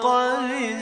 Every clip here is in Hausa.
خلق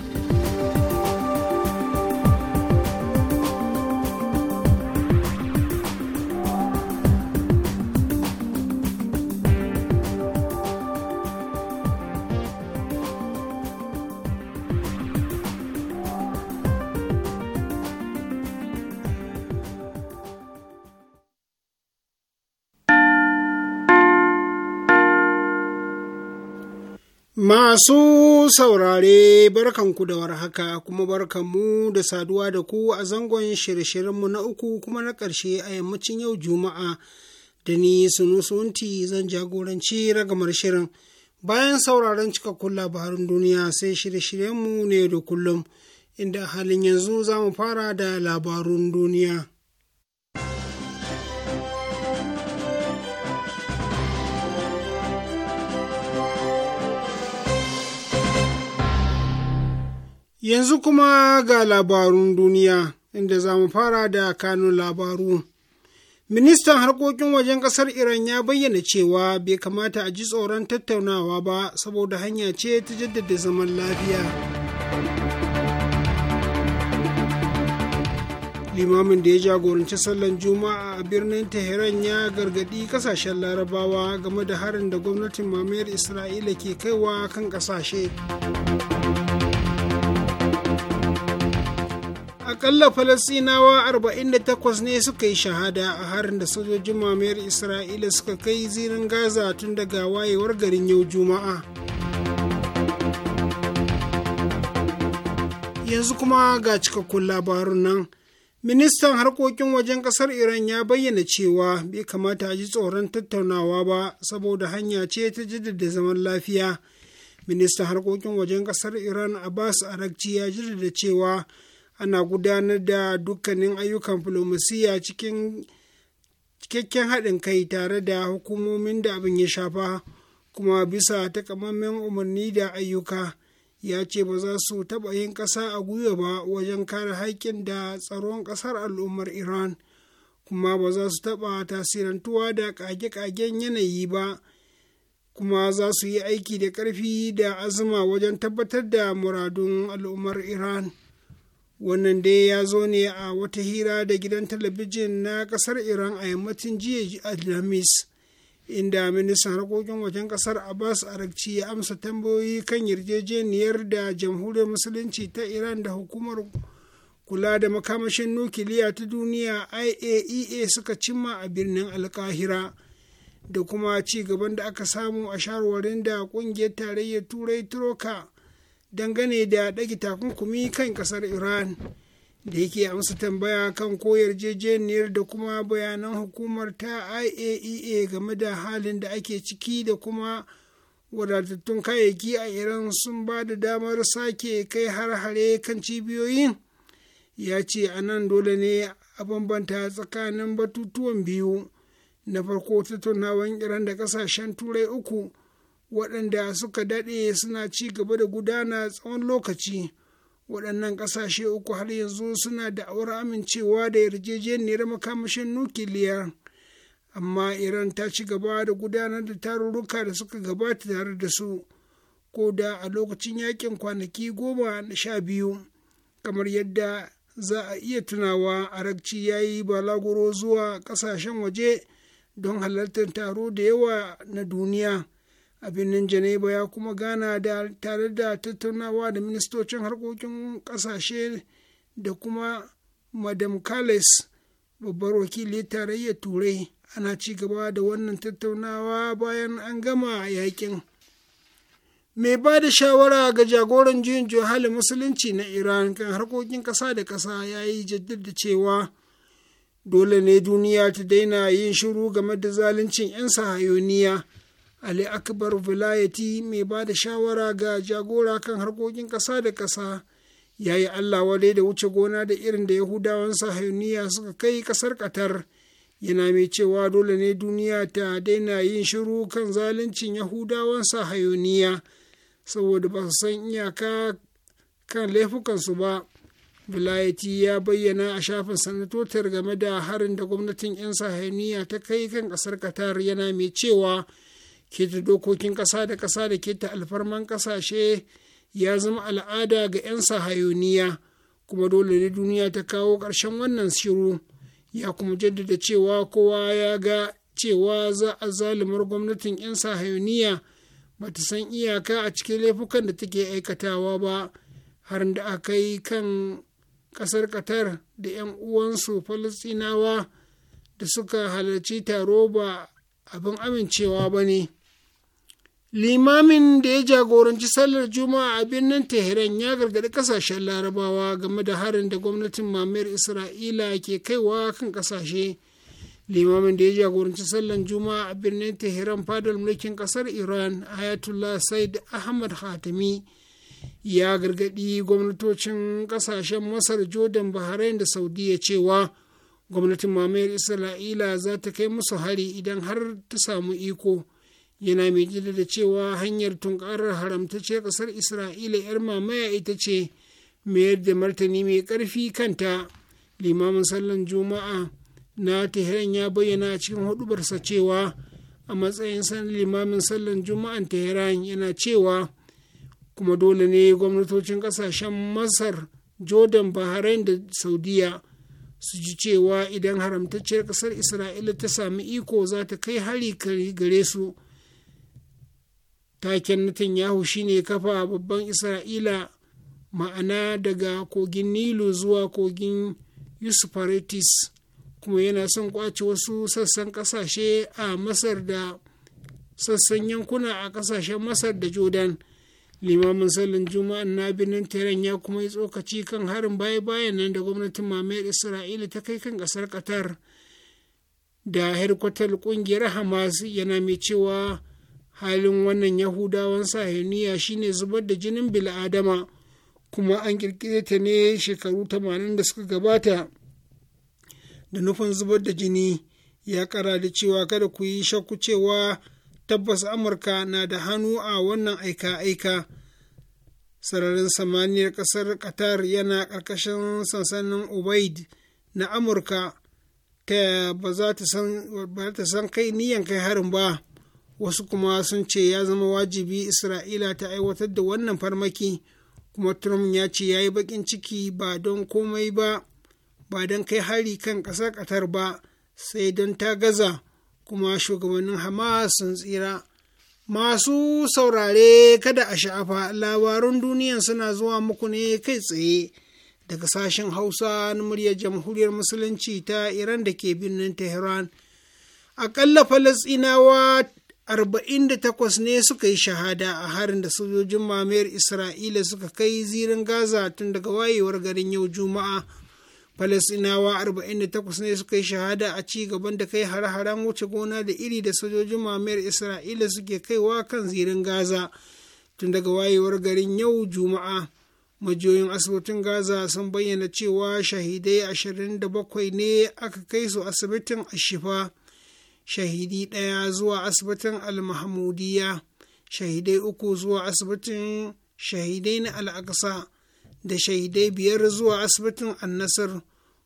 Masu saurare barkanku da warhaka kuma barkanmu da saduwa da ku a zangon shirye-shiryenmu na uku kuma na ƙarshe a yammacin yau Juma'a da ni sunusunti zan jagoranci ragamar shirin. Bayan sauraron cikakkun labarin duniya sai shirye-shiryenmu ne da kullum inda halin yanzu za mu fara da labarun duniya. Yanzu kuma ga labarun duniya inda za mu fara da kano labaru. Ministan harkokin wajen ƙasar Iran ya bayyana cewa bai kamata a ji tsoron tattaunawa ba saboda hanya ce ta jaddada zaman lafiya. Limamin da ya jagoranci sallan Juma'a a birnin Teheran ya gargaɗi ƙasashen larabawa game da harin da gwamnatin mamayar Isra'ila ke kaiwa kan ƙasashe. akalla falasinawa 48 ne suka yi shahada a harin da sojojin mamayar isra'ila suka kai zirin gaza tun daga wayewar garin yau juma'a yanzu kuma ga cikakkun labarun nan ministan harkokin wajen kasar iran ya bayyana cewa bai kamata a ji tsoron tattaunawa ba saboda hanya ce ta jaddada zaman lafiya ministan harkokin wajen kasar iran abbas arakci ya jaddada cewa ana gudanar da dukkanin ayyukan filomasiya cikin cikakken haɗin kai tare da hukumomin da abin ya shafa kuma bisa takamaiman umarni da ayyuka ya ce ba za su taɓa yin ƙasa a gwiwa ba wajen kare haƙƙin da tsaron ƙasar al'ummar iran kuma ba za su taɓa tasirantuwa da ƙage-ƙagen yanayi ba kuma za su yi aiki da ƙarfi da azuma wajen tabbatar da muradun al'ummar iran wannan dai ya zo ne a wata hira da gidan talabijin na kasar iran a yammacin jiya alhamis inda ministan harkokin wajen kasar abbas arakci ya amsa tambayoyi kan yarjejeniyar da jamhuriyar musulunci ta iran da hukumar kula da makamashin nukiliya ta duniya iaea e suka cimma a birnin alkahira da kuma ci gaban da aka samu a shawarwarin da kungiyar tarayyar turai troka dangane da ɗage takunkumi kan ƙasar iran da yake amsa tambaya kan ko yarjejeniyar da kuma bayanan hukumar ta iaea e game da halin da ake ciki da kuma wadatattun kayayyaki a iran sun ba da damar sake kai har-hare kan cibiyoyin ya ce a nan dole ne a bambanta tsakanin batutuwan biyu na farko tattaunawan iran da kasashen turai uku waɗanda suka daɗe suna ci gaba da gudana tsawon lokaci waɗannan ƙasashe uku har yanzu suna da'awar amincewa da yarjejeniyar makamashin nukiliya amma iran ta ci gaba da gudanar da tarurruka da suka gabata tare da su ko da a lokacin yakin kwanaki goma na sha biyu kamar yadda za a iya tunawa arakci ya yi balaguro zuwa ƙasashen waje don halartar taro da yawa na duniya a birnin Janeba ya kuma gana da tare da tattaunawa da ministocin harkokin kasashe da kuma madam Kales babbar wakili tarayyar turai ana ci gaba da wannan tattaunawa bayan an gama yakin. mai ba da shawara ga jagoran juyin johali musulunci na iran kan harkokin kasa da kasa ya yi jaddada cewa dole ne duniya ta daina yin shiru game da zaluncin 'yan sahayoniya Ali Akbar Vilayati mai ba da shawara ga jagora kan harkokin ƙasa da ƙasa ya yi Allah wale da wuce gona da irin da Yahudawan sahayuniya suka kai ƙasar Qatar yana mai cewa dole ne duniya ta daina yin shiru kan zaluncin Yahudawan sahayuniya saboda ba su san iyaka kan laifukansu ba. Vilayati ya bayyana a shafin sanatotar game da harin da gwamnatin 'yan sahayuniya ta kai kan ƙasar Qatar yana mai cewa. keta dokokin ƙasa da ƙasa da keta alfarman ƙasashe ya zama al'ada ga 'yan sahayoniya kuma dole ne duniya ta kawo ƙarshen wannan shiru ya kuma jaddada cewa kowa ya ga cewa za a zalimar gwamnatin 'yan sahayoniya ba ta san iyaka a cikin laifukan da take aikatawa ba har da aka yi kan ƙasar qatar da 'yan uwansu falastinawa da suka halarci taro ba abin amincewa ba ne. limamin da ya jagoranci sallar juma'a a birnin teheran ya gargaɗi ƙasashen larabawa game da harin da gwamnatin mamayar isra'ila ke kaiwa kan ƙasashe. limamin da ya jagoranci sallar juma'a a birnin teheran fadar mulkin ƙasar iran ayatollah said ahmad hatami ya gargaɗi gwamnatocin kasashen masar jordan bahrain da saudiya cewa gwamnatin mamayar isra'ila za ta kai musu hari idan har ta samu iko yana mai da cewa hanyar tunkarar haramta ce ƙasar isra'ila 'yar mamaya ita ce mayar da martani mai ƙarfi kanta limamin sallan juma'a na tehran ya bayyana a cikin hudubarsa cewa a matsayin san limamin sallan juma'an tehran yana cewa kuma dole ne gwamnatocin kasashen masar jordan bahrain da saudiya su ji cewa idan haramtacciyar ƙasar isra'ila ta sami iko za ta kai hari gare su taken Netanyahu shine kafa babban Isra'ila ma'ana daga kogin Nilu zuwa kogin Euphrates kuma yana son kwace wasu sassan kasashe a Masar da sassan yankuna a kasashen Masar da Jordan. Limamin salin Juma'an na birnin teren ya kuma yi tsokaci kan harin baya-bayan nan da gwamnatin mamayar Isra'ila ta kai kan kasar Qatar da harkwatar kungiyar Hamas yana mai cewa halin wannan yahudawan sahiniya shine zubar da jinin bil'adama kuma an kirkire ta ne shekaru 80 da suka gabata da nufin zubar da jini ya kara da cewa kada ku yi shakku cewa tabbas amurka na da hannu a wannan aika-aika sararin samaniyar ƙasar qatar yana ƙarƙashin sansanin ubaid na amurka ta ba za ta san kai niyan kai harin ba wasu kuma sun ce ya zama wajibi isra'ila ta aiwatar da wannan farmaki kuma trump ya ce ya yi baƙin ciki ba don komai ba ba don kai hari kan ƙasar ƙatar ba sai don ta gaza kuma shugabannin hamas sun tsira masu saurare kada a sha'afa labarun duniya suna zuwa muku ne kai tsaye daga sashen hausa na muryar jamhuriyar musulunci ta iran da ke birnin tehran aƙalla falasɗinawa arba'in da takwas ne suka yi shahada a harin da sojojin mamayar isra'ila suka kai zirin gaza tun daga wayewar garin yau juma'a falasinawa arba'in da takwas ne suka yi shahada a ci gaban da kai har haren wuce gona da iri da sojojin mamayar isra'ila suke kaiwa kan zirin gaza tun daga wayewar garin yau juma'a majiyoyin asibitin gaza sun bayyana cewa shahidai ashirin da bakwai ne aka kai su asibitin ashifa shahidi ɗaya zuwa asibitin almahmudiya shahidai uku zuwa asibitin shahidai na al'aqsa da shahidai biyar zuwa asibitin annasar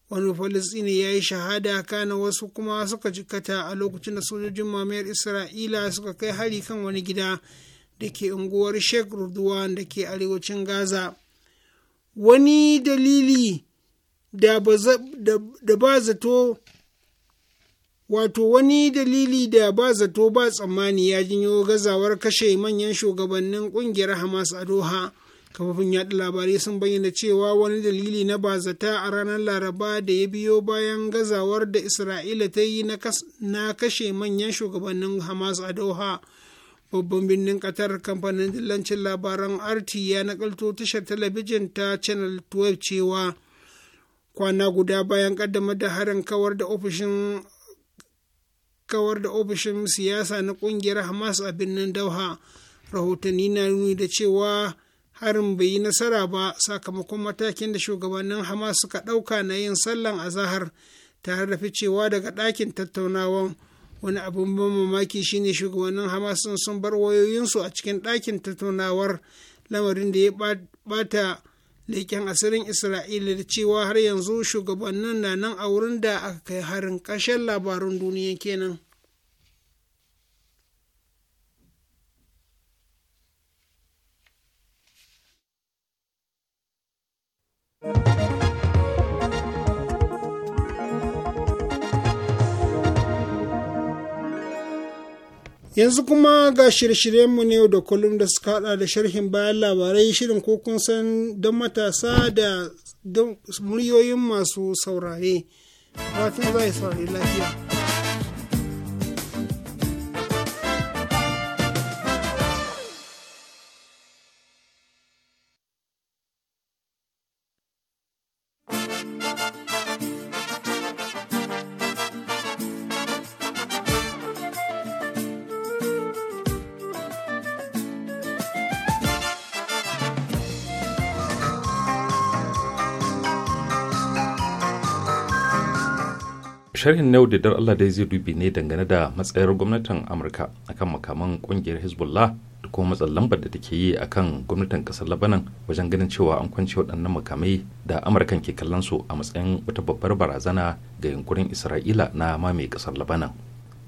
wani falistini ya yi shahada kana wasu kuma suka jikata a lokacin da sojojin mamayar isra'ila suka kai hari kan wani gida da ke unguwar sheikh Ruduwa da ke arewacin gaza wani dalili da ba zato wato wani dalili da ba zato ba tsammani ya jinyo gazawar kashe manyan shugabannin kungiyar hamas a doha kafafin yaɗa labarai sun bayyana cewa wani dalili na ba zata a ranar laraba da ya biyo bayan gazawar da isra'ila ta yi na kashe manyan shugabannin hamas a doha babban birnin qatar kamfanin dillancin labaran rt ya nakalto tashar talabijin ta channel 12 cewa kwana guda bayan kaddamar da harin kawar da ofishin kawar da ofishin siyasa na kungiyar hamas a birnin dauha rahotanni na nuni da cewa harin bai yi nasara ba sakamakon matakin da shugabannin hamas suka ɗauka na yin sallan azahar tare da ficewa daga ɗakin tattaunawan wani abin ban mamaki shine shugabannin hamas sun bar wayoyinsu a cikin ɗakin tattaunawar lamarin da ya bata leƙen asirin isra'ila da cewa har yanzu shugabannin na nan a wurin da aka kai harin ƙarshen labarun duniya kenan thank Yanzu kuma ga shirye-shiryenmu ne da kullum da suka hada da sharhin bayan labarai shirin ko kun san don matasa da muryoyin masu saurare. Fatan za yi saurari lafiya. sharhin na da Allah dai zai dubi ne dangane da matsayar gwamnatin amurka akan makaman kungiyar hezbollah da kuma matsan lambar da take yi akan gwamnatin kasar labanan wajen ganin cewa an kwance waɗannan makamai da amurkan ke kallon su a matsayin wata babbar barazana ga yunkurin isra'ila na mamaye kasar labanan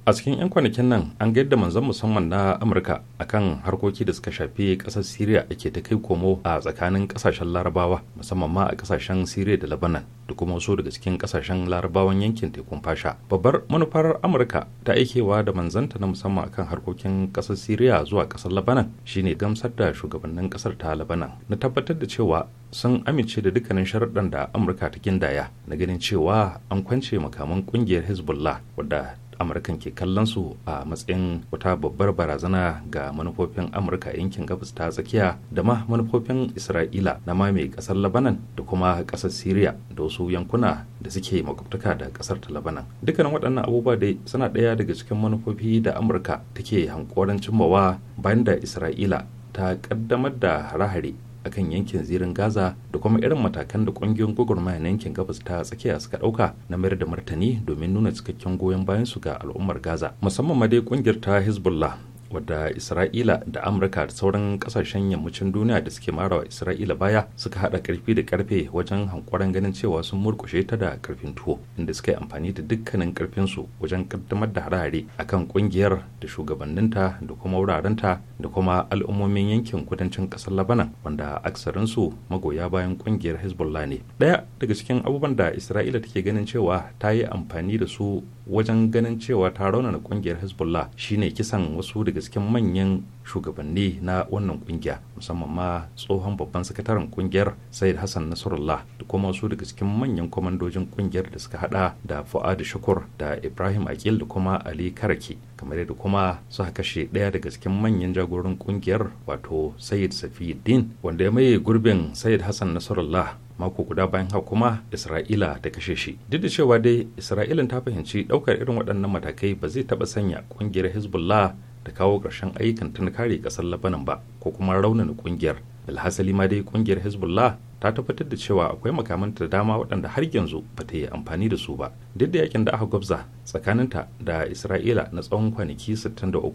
a cikin 'yan kwanakin nan an ga yadda manzan musamman na amurka akan harkoki da suka shafi kasar syria ake ta kai komo a tsakanin kasashen larabawa musamman ma a kasashen syria da labanan da kuma wasu daga cikin kasashen larabawan yankin tekun fasha babbar manufar amurka ta aikewa da manzanta na musamman akan harkokin kasar syria zuwa kasar labanan shine gamsar da shugabannin kasar ta labanan na tabbatar da cewa sun amince da dukkanin sharaɗan da amurka ta gindaya na ganin cewa an kwance makaman kungiyar hezbollah wadda amurkan ke kallon su a matsayin wata babbar barazana ga manufofin amurka yankin gabas ta tsakiya da ma manufofin isra'ila na ma mai kasar labanan da kuma kasar syria da wasu yankuna da suke makwabtaka da kasar ta labanan dukkanin waɗannan abubuwa dai suna ɗaya daga cikin manufofi da amurka take hankoran cimmawa bayan da isra'ila ta ƙaddamar da hare akan yankin zirin gaza da kuma irin matakan da kungiyoyin gwagwarmaya na yankin gabas ta tsakiya suka dauka na mayar da martani domin nuna cikakken goyon bayan su ga al'ummar gaza musamman ma dai kungiyar ta hezbollah wadda isra'ila da amurka da sauran kasashen yammacin duniya da suke marawa isra'ila baya suka hada karfi da karfe wajen hankoran ganin cewa sun murkushe ta da karfin tuwo inda suka yi amfani da dukkanin karfinsu wajen kaddamar da harare kan kungiyar da shugabanninta da kuma wurarenta da kuma al'ummomin yankin kudancin kasar labanan wanda aksarinsu magoya bayan kungiyar hezbollah ne daya daga cikin abubuwan da isra'ila take ganin cewa ta yi amfani da su wajen ganin cewa ta raunana kungiyar hezbollah shine kisan wasu daga cikin manyan shugabanni na wannan kungiya musamman ma tsohon babban sakataren kungiyar said hassan nasrullah da kuma wasu daga cikin manyan kwamandojin kungiyar da suka hada da fu'adu shukur da ibrahim akil da kuma ali karaki kamar yadda kuma suka kashe ɗaya daga cikin manyan jagoran kungiyar wato said safiuddin wanda ya maye gurbin said hassan nasrullah mako guda bayan haka kuma isra'ila ta kashe shi duk da cewa dai isra'ilin ta fahimci daukar irin waɗannan matakai ba zai taɓa sanya ƙungiyar hezbollah da kawo ƙarshen ayyukan ta na kare ƙasar labanan ba ko kuma raunana ƙungiyar alhasali ma dai ƙungiyar hezbollah ta tabbatar da cewa akwai makamanta da dama waɗanda har yanzu ba ta yi amfani da su ba duk da yakin da aka gwabza tsakaninta da isra'ila na tsawon kwanaki 63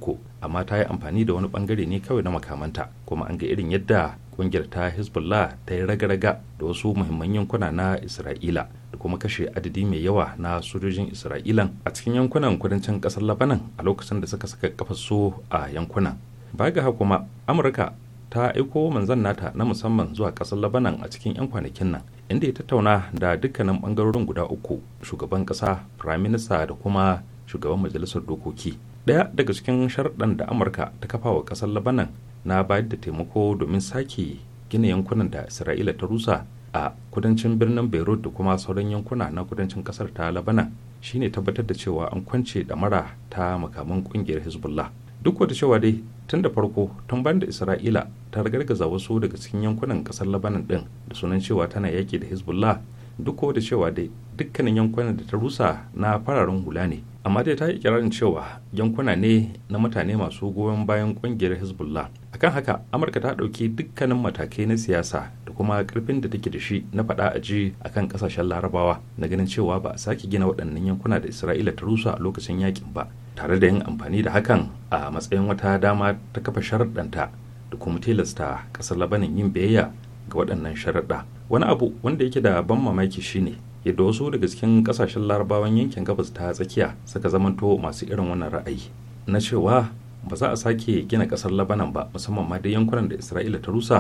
amma ta yi amfani da wani bangare ne kawai na makamanta kuma an ga irin yadda kungiyar ta hezbollah ta yi raga-raga da wasu muhimman yankuna na isra'ila da kuma kashe adadi mai yawa na sojojin isra'ilan a cikin yankunan kudancin kasar labanan a lokacin da suka saka kafasu a yankunan baya ga kuma amurka ta aiko manzan nata na musamman zuwa kasar labanan a cikin 'yan kwanakin nan inda ya tattauna da dukkanin bangarorin guda uku shugaban kasa firaminista da kuma shugaban majalisar dokoki daya daga cikin sharɗan da amurka ta kafa wa kasar labanan na bayar da taimako domin sake gina yankunan da isra'ila ta rusa a kudancin birnin beirut da kuma sauran yankuna na kudancin kasar ta labanan shine tabbatar da cewa an kwance da mara ta makaman kungiyar hezbollah duk wata cewa dai tun da farko tun bayan da isra'ila ta ragargaza wasu daga cikin yankunan kasar labanan din da sunan cewa tana yaki da hezbollah duk wata cewa dai dukkanin yankunan da ta rusa na fararen hula ne amma dai ta yi kirarin cewa yankuna ne na mutane masu goyon bayan kungiyar hezbollah akan haka amurka ta ɗauki dukkanin matakai na siyasa da kuma karfin da take da shi na faɗa a ji akan ƙasashen larabawa na ganin cewa ba a sake gina waɗannan yankuna da isra'ila ta rusa a lokacin yakin ba tare da yin amfani da hakan a matsayin wata dama ta kafa sharaɗanta da kuma tilasta ƙasar labanin yin biyayya ga waɗannan sharaɗa wani abu wanda yake da ban mamaki shine yadda wasu daga cikin kasashen larabawan yankin gabas ta tsakiya suka zamanto masu irin wannan ra'ayi na cewa ba za a sake gina kasar labanan ba musamman ma dai yankunan da isra'ila ta rusa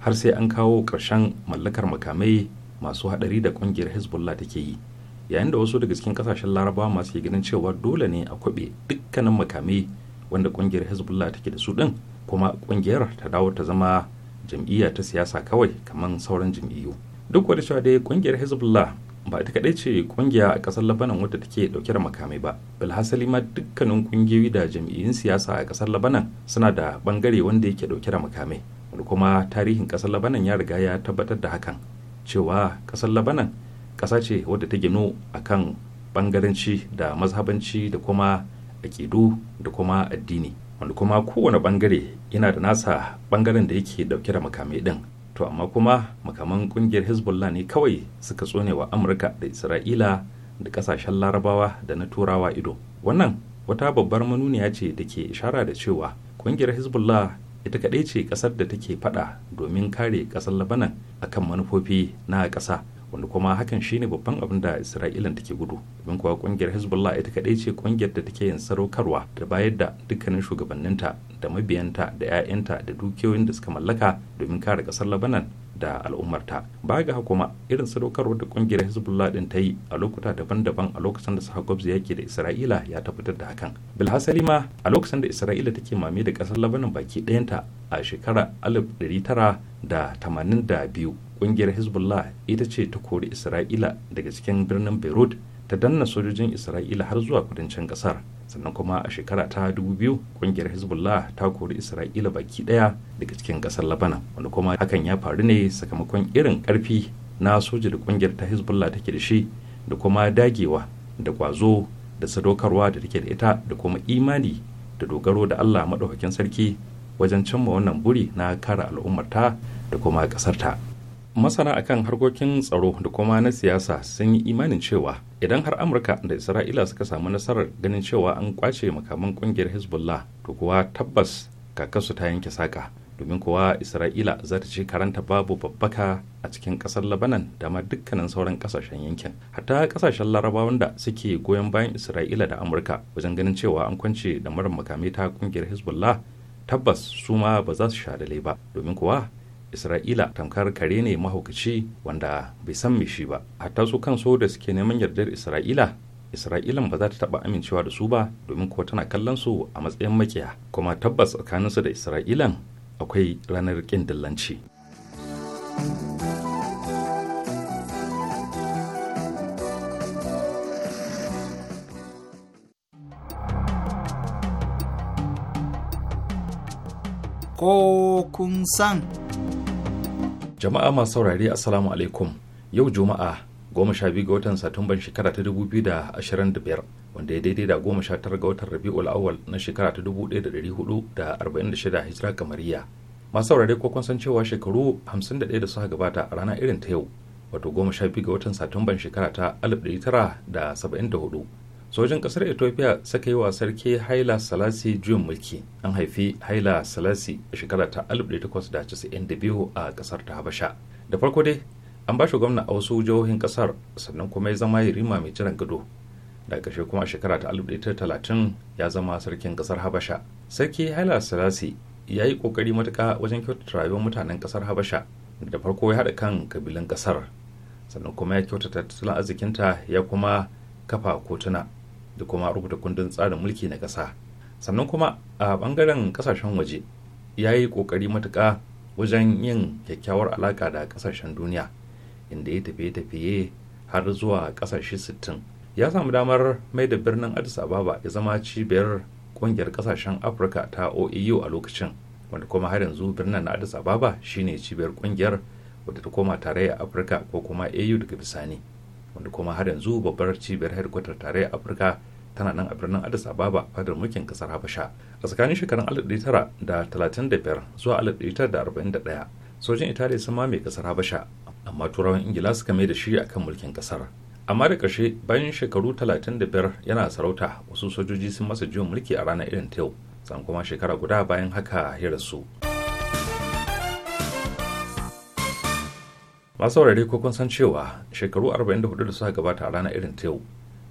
har sai an kawo ƙarshen mallakar makamai masu haɗari da ƙungiyar hezbollah take yi yayin da wasu daga cikin kasashen larabawa masu ganin cewa dole ne a kwaɓe dukkanin makamai wanda ƙungiyar hezbollah take da su din kuma ƙungiyar ta dawo ta zama jam'iyya ta siyasa kawai kamar sauran jam'iyyu duk wadda cewa dai ƙungiyar hezbollah ba ta kaɗai ce kungiya a ƙasar labanan wadda take ɗauke da makamai ba bilhassali ma dukkanin kungiyoyi da jam'iyyun siyasa a ƙasar labanan suna da ɓangare wanda yake ɗauke da makamai wani kuma tarihin ƙasar labanan ya riga ya tabbatar da hakan cewa ƙasar labanan ƙasa ce wadda ta ginu kan ɓangaranci da mazhabanci da kuma aƙidu da kuma addini wanda kuma kowane ɓangare yana da nasa ɓangaren da yake ɗauke da makamai ɗin to amma kuma makaman kungiyar hezbollah ne kawai suka tsone wa amurka da isra'ila da kasashen larabawa da na turawa ido wannan wata babbar manuniya ce da ke ishara da cewa kungiyar hezbollah ita kaɗai ce ƙasar da take faɗa domin kare ƙasar labanan akan manufofi na ƙasa wanda kuma hakan shine babban abin da isra'ilan take gudu domin kuwa kungiyar hezbollah ita kadai ce kungiyar da take yin sadaukarwa da bayar da dukkanin shugabanninta da mabiyanta da 'ya'yanta da dukiyoyin da suka mallaka domin kare kasar labanan da al'ummarta ba ga kuma irin sadaukarwar da kungiyar hezbollah din ta yi a lokuta daban-daban a lokacin da suka gwabza yaki da isra'ila ya tabbatar da hakan bilhassari ma a lokacin da isra'ila take mame da kasar labanin baki ɗayanta a shekara 1982 kungiyar hezbollah ita ce ta kori isra'ila daga cikin birnin beirut ta danna sojojin isra'ila har zuwa kudancin kasar sannan kuma a shekara ta dubu biyu kungiyar hezbollah ta kori isra'ila baki daya daga cikin gasar labanan wanda kuma hakan ya faru ne sakamakon irin karfi na soja da kungiyar ta hezbollah take da shi da kuma dagewa da kwazo da sadaukarwa da take da ita da kuma imani da dogaro da allah maɗaukakin sarki wajen cimma wannan buri na kare al'ummarta da kuma ƙasarta. masana akan harkokin tsaro da kuma na siyasa sun yi imanin cewa idan har amurka da isra'ila suka samu nasarar ganin cewa an kwace makaman kungiyar hezbollah to kuwa tabbas kakasu ta yanke saka domin kuwa isra'ila za ta ci karanta babu babbaka a cikin kasar labanan da ma dukkanin sauran kasashen yankin hatta kasashen larabawan da suke goyon bayan isra'ila da amurka wajen ganin cewa an kwance da marar makamai ta kungiyar hezbollah tabbas su ma ba za su sha ba domin kuwa isra'ila tamkar kare ne mahaukaci wanda bai san shi ba hatta su so da suke neman yardar isra'ila isra'ilan ba za ta taba amincewa da su ba domin kuwa tana kallon su a matsayin makiya kuma tabbas tsakaninsu da isra'ilan akwai ranar ƙin dillanci. ko kun san. jama'a masu saurari assalamu alaikum yau juma'a goma sha biyu ga watan satumban shekara ta dubu biyu da ashirin da biyar wanda ya daidai da goma sha tara ga watan rabi'ul awwal na shekara ta dubu ɗaya da ɗari hudu da arba'in da shida hijira kamariya masu saurari ko kun san cewa shekaru hamsin da ɗaya da suka gabata a rana irin ta yau wato goma sha biyu ga watan satumban shekara ta alif ɗari tara da saba'in da hudu sojin ƙasar ethiopia suka yi wa sarki haila salasi juyin mulki an haifi haila salasi a shekara ta 1892 a kasar ta habasha da farko dai an ba shi gwamna a wasu jihohin ƙasar sannan kuma ya zama rima mai jiran gado daga ƙarshe kuma a shekara ta 1930 ya zama sarkin kasar habasha sarki haila salasi ya yi ƙoƙari matuƙa wajen kyautata rayuwar mutanen ƙasar habasha da farko ya haɗa kan kabilan kasar sannan kuma ya kyautata tattalin arzikinta ya kuma kafa kotuna da kuma rubuta kundin tsarin mulki na ƙasa sannan kuma a bangaren kasashen waje ya yi ƙoƙari matuƙa wajen yin kyakkyawar alaƙa da kasashen duniya inda ya tafiye-tafiye har zuwa ƙasashe sittin. ya samu damar mai da birnin addis ababa ya zama cibiyar ƙungiyar ƙasashen afirka ta oeu a lokacin wanda kuma har yanzu birnin na addis ababa shine cibiyar ƙungiyar wadda ta koma tarayyar afirka ko kuma au e daga bisani wanda kuma har yanzu babbar cibiyar tare a afirka tana nan a birnin addis ababa fadar mulkin kasar habasha a tsakanin shekarun 1935 zuwa 1941 sojin italiya sun mame kasar habasha amma turawan ingila suka mai da shi akan mulkin kasar amma da ƙarshe bayan shekaru 35 yana sarauta wasu sojoji sun masa jiwon mulki a ranar irin ta yau sannan kuma shekara guda bayan haka ya rasu. masu saurare ko kun san cewa shekaru 44 da suka gabata a ranar irin ta yau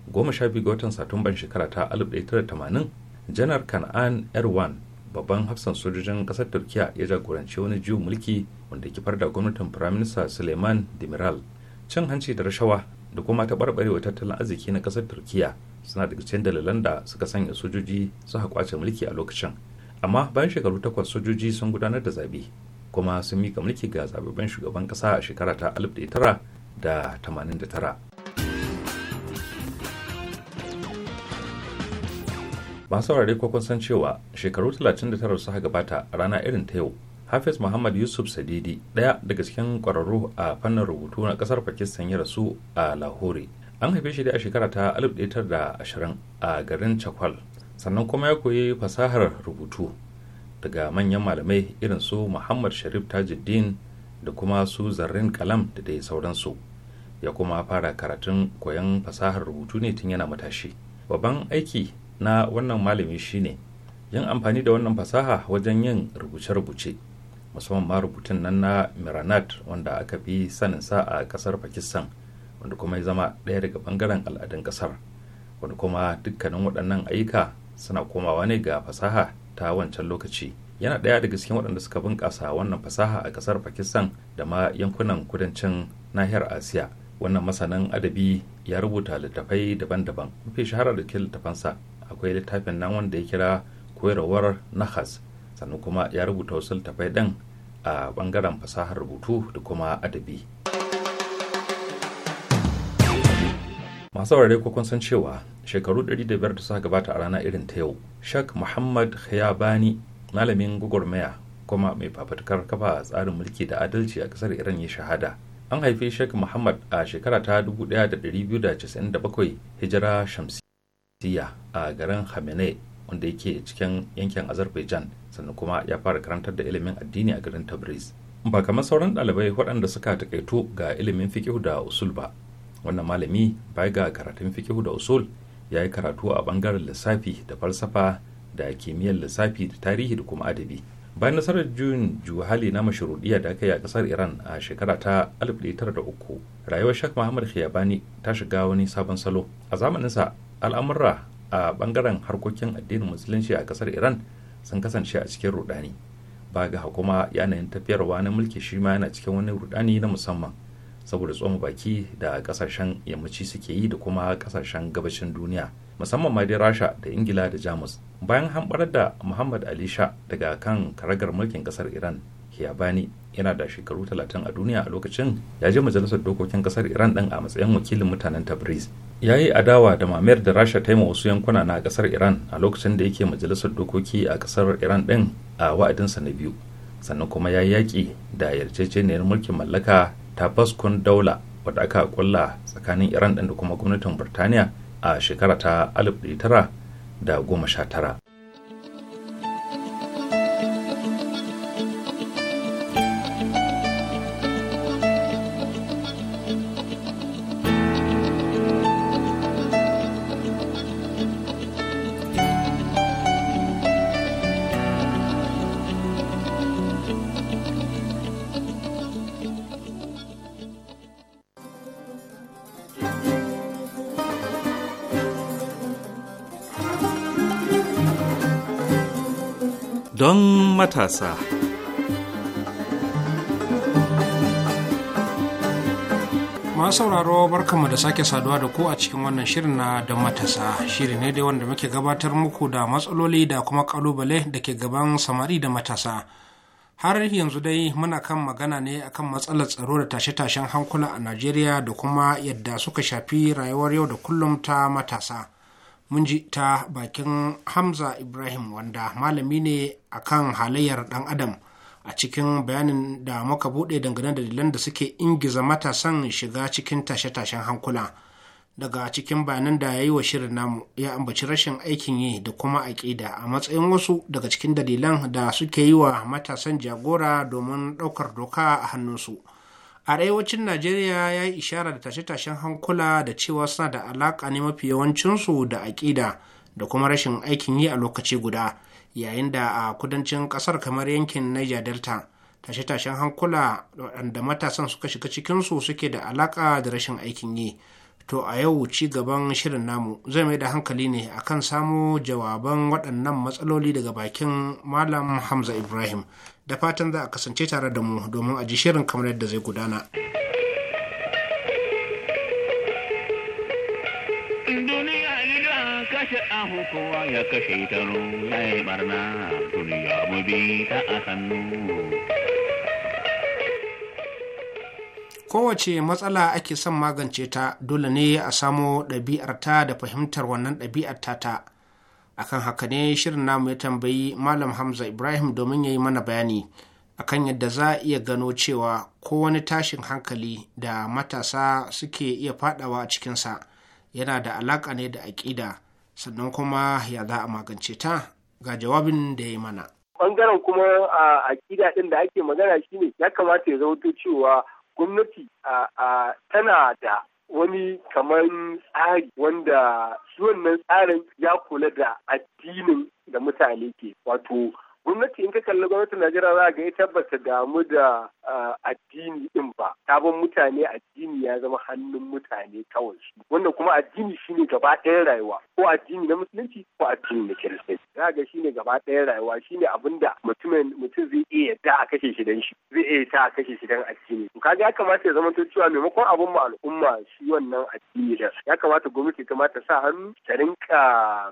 goma sha biyu ga watan satumban shekara ta 1980 janar kan'an erwan babban hafsan sojojin kasar turkiya ya jagoranci wani jiwo mulki wanda kifar da gwamnatin firaminista suleiman demiral cin hanci da rashawa da kuma ta barbarewa tattalin arziki na kasar turkiya suna daga cikin dalilan da suka sanya sojoji suka kwace mulki a lokacin amma bayan shekaru takwas sojoji sun gudanar da zabe kuma sun mika mulki ga zababben shugaban kasa a shekara ta 1989 masu saurare ko kun san cewa shekaru 39 suka gabata a rana irin ta yau hafiz muhammad yusuf sadidi ɗaya daga cikin ƙwararru a fannin rubutu na ƙasar pakistan ya rasu a lahore an haife shi da a shekara ta 1920 a garin chakwal sannan kuma ya koyi fasahar rubutu daga manyan malamai irin su muhammad sharif tajuddin da kuma su zarrin kalam da dai sauransu ya kuma fara karatun koyon fasahar rubutu ne tun yana matashi babban aiki na wannan malami shine yin amfani da wannan fasaha wajen yin rubuce-rubuce musamman ma rubutun nan na miranat wanda aka fi sa a kasar pakistan wanda kuma ya zama ɗaya daga bangaren al'adun kasar wanda kuma dukkanin waɗannan ayyuka suna komawa ne ga fasaha ta wancan lokaci yana ɗaya daga cikin waɗanda suka bunƙasa wannan fasaha a ƙasar pakistan da ma yankunan kudancin nahiyar asiya wannan masanin adabi ya rubuta littafai daban-daban mafi shahara da ke littafansa akwai littafin nan wanda ya kira koyarwar nahas sannan kuma ya rubuta wasu littafai ɗin a ɓangaren fasahar rubutu da kuma adabi. masu aure ko kun san cewa shekaru 105 da suka gabata a rana irin ta yau shak muhammad khayabani malamin gwagwarmaya kuma mai fafatukar kafa tsarin mulki da adalci a kasar iran ya shahada an haifi shak muhammad a shekara ta 1297 hijira shamsiyya a garin hamene wanda yake cikin yankin azerbaijan sannan kuma ya fara karantar da ilimin addini a garin tabriz ba kamar sauran ɗalibai waɗanda suka taƙaito ga ilimin fiƙihu da usul ba wannan malami baya ga karatun fikihu da usul ya yi karatu a bangaren lissafi da falsafa da kimiyyar lissafi da tarihi da kuma adabi bayan nasarar juyin juhali na mashruɗiyya da aka yi a ƙasar iran a shekara ta 1903 rayuwar shak muhammad khiyabani ta shiga wani sabon salo a zamaninsa al'amurra a bangaren harkokin addinin musulunci a ƙasar iran sun kasance a cikin rudani ba ga kuma yanayin tafiyarwa na mulki shi ma yana cikin wani rudani na musamman saboda tsoma baki da kasashen yammaci suke yi da kuma kasashen gabashin duniya musamman ma dai rasha da ingila da jamus bayan hamɓarar da muhammad ali sha daga kan karagar mulkin kasar iran hiyabani yana da shekaru talatin a duniya a lokacin ya je majalisar dokokin kasar iran din a matsayin wakilin mutanen tabriz ya yi adawa da mamayar da rasha ta yi wasu yankuna na kasar iran a lokacin da yake majalisar dokoki a kasar iran din a wa'adinsa na biyu sannan kuma ya yi yaƙi da yarjejeniyar mulkin mallaka ta baskun daula wadda aka kulla tsakanin iran ɗin da kuma gwamnatin burtaniya a shekara ta 1919 don matasa. masu sauraro barkanmu da sake saduwa da ku a cikin wannan shirin na don matasa shiri ne dai wanda muke gabatar muku da matsaloli da kuma kalubale da ke gaban samari da matasa har yanzu dai muna kan magana ne akan matsalar tsaro da tashe-tashen hankula a najeriya da kuma yadda suka shafi rayuwar yau da kullum ta matasa mun ji ta bakin hamza ibrahim wanda malami ne akan halayyar dan adam a cikin bayanin da muka bude dangane da dalilan da suke ingiza matasan shiga cikin tashe-tashen hankula daga cikin bayanan da ya yi wa shirin namu ya ambaci rashin aikin yi da kuma aƙida a matsayin wasu daga cikin dalilan da suke yi wa matasan jagora domin ɗaukar doka a hannunsu. su arewacin najeriya ya yi ishara da tashe-tashen hankula da cewa suna da alaka ne mafi yawancinsu da aƙida da kuma rashin aikin yi a lokaci guda yayin da a kudancin ƙasar kamar yankin niger delta tashe-tashen hankula waɗanda matasan suka shiga cikinsu suke da alaƙa da rashin aikin yi to a yau ci gaban shirin namu zai mai da hankali ne akan samo jawaban waɗannan matsaloli daga bakin malam hamza ibrahim da fatan za a kasance tare da mu domin a ji shirin kamar yadda zai gudana. kashe kowa ya Kowace matsala ake son magance ta dole ne a samo ɗabi'arta da fahimtar wannan ɗabi'ar ta. akan haka ne shirin namu ya tambayi malam hamza ibrahim domin ya yi mana bayani akan yadda za a iya gano cewa ko wani tashin hankali da matasa suke iya fadawa a cikinsa yana da alaka ne da aƙida sannan kuma ya za a magance ta ga jawabin da ya yi mana ɓangaren kuma a aƙida ɗin da ake magana shine ya kamata ya zauto cewa gwamnati tana da wani kamar tsari wanda shi wannan tsarin ya kula da addinin da mutane ke wato gwamnati in ka kalli gwamnatin najeriya za a ga ita ba ta damu da addini din ba sabon mutane addini ya zama hannun mutane kawai su wannan kuma addini shine gaba ɗayan rayuwa ko addini na musulunci ko addini na kiristanci za ga shine gaba ɗayan rayuwa shine abin da mutumin mutum zai iya yadda a kashe shi dan shi zai iya ta a kashe shi dan addini to kaga ya kamata ya zama to cewa maimakon abin mu al'umma shi wannan addini da ya kamata gwamnati ta sa hannu ta rinka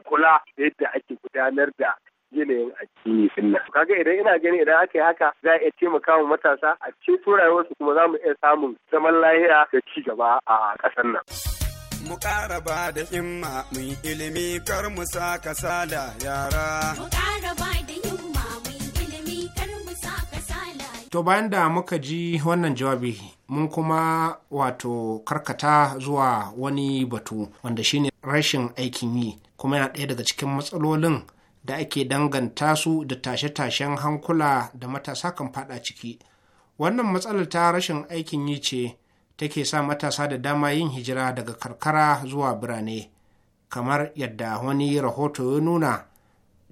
kula da yadda ake gudanar da yanayin addini din nan kaga idan ina gani idan aka yi haka za a iya taimaka wa matasa a ceto rayuwarsu kuma za mu iya samun zaman lahiya da ci gaba a ƙasar nan. Mu ƙara ba da himma mu yi ilimi kar mu sa kasala yara. Mu ƙara da himma mu ilimi kar mu sa kasala. To bayan da muka ji wannan jawabi mun kuma wato karkata zuwa wani batu wanda shine rashin aikin yi kuma yana ɗaya daga cikin matsalolin da ake danganta su da tashe-tashen hankula da matasa kan fada ciki wannan matsalar ta rashin aikin yi ce take sa matasa da dama yin hijira daga karkara zuwa birane kamar yadda wani rahoto ya nuna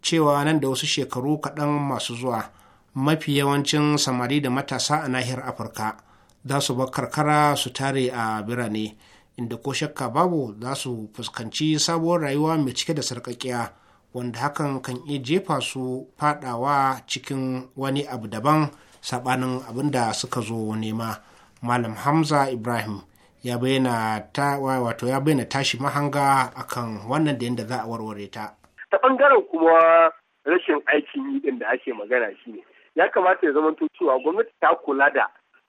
cewa nan da wasu shekaru kaɗan masu zuwa mafi yawancin samari da matasa a nahiyar afirka za su bar karkara su tare a birane inda ko shakka babu za su fuskanci sabuwar rayuwa mai cike da sarƙaƙiya wanda hakan kan iya jefa su fadawa cikin wani abu daban sabanin abin da suka zo nema malam hamza ibrahim ya bayyana ta wato ya bayyana tashi mahanga akan wannan da yadda za a warware ta ta bangaren kuma rashin aikin yi din da ake magana shi ne ya kamata ya zamanto cewa gwamnati ta kula da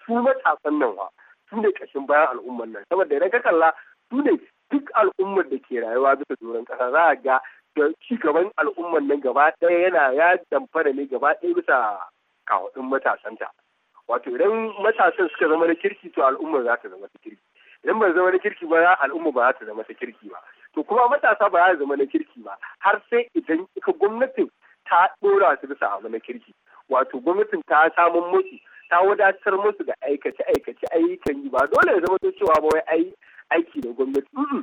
su matasan nan wa su ne kashin bayan al'ummar nan saboda idan ka kalla su ne duk al'ummar da ke rayuwa bisa doron kasa za a ga da ci gaban al'umman nan gaba ɗaya yana ya damfara ne gaba ɗaya bisa kawaɗin matasanta wato idan matasan suka zama na kirki to al'umma za ta zama ta kirki idan ba zama na kirki ba al'umma ba za ta zama ta kirki ba to kuma matasa ba za su zama na kirki ba har sai idan ita gwamnatin ta ɗora su bisa abu na kirki wato gwamnatin ta samun musu ta wadatar musu ga aikace aikace ayyukan yi ba dole ya zama cewa ba wai aiki da gwamnati